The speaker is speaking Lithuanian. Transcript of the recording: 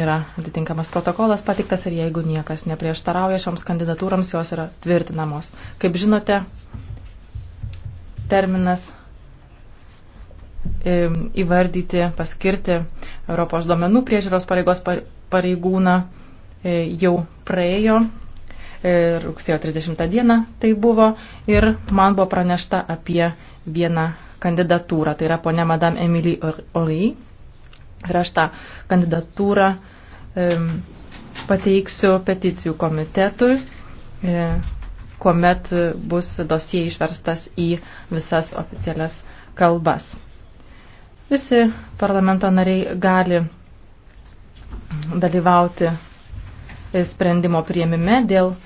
Yra atitinkamas protokolas patiktas ir jeigu niekas neprieštarauja šioms kandidatūrams, jos yra tvirtinamos. Kaip žinote, terminas įvardyti, paskirti Europos duomenų priežiūros pareigos pareigūną e, jau praėjo. E, rugsėjo 30 dieną tai buvo ir man buvo pranešta apie vieną kandidatūrą. Tai yra ponia Madame Emilie Ori Ir aš tą kandidatūrą pateiksiu peticijų komitetui, e, kuomet bus dosie išverstas į visas oficialias kalbas. Visi parlamento nariai gali dalyvauti e, sprendimo prieimime dėl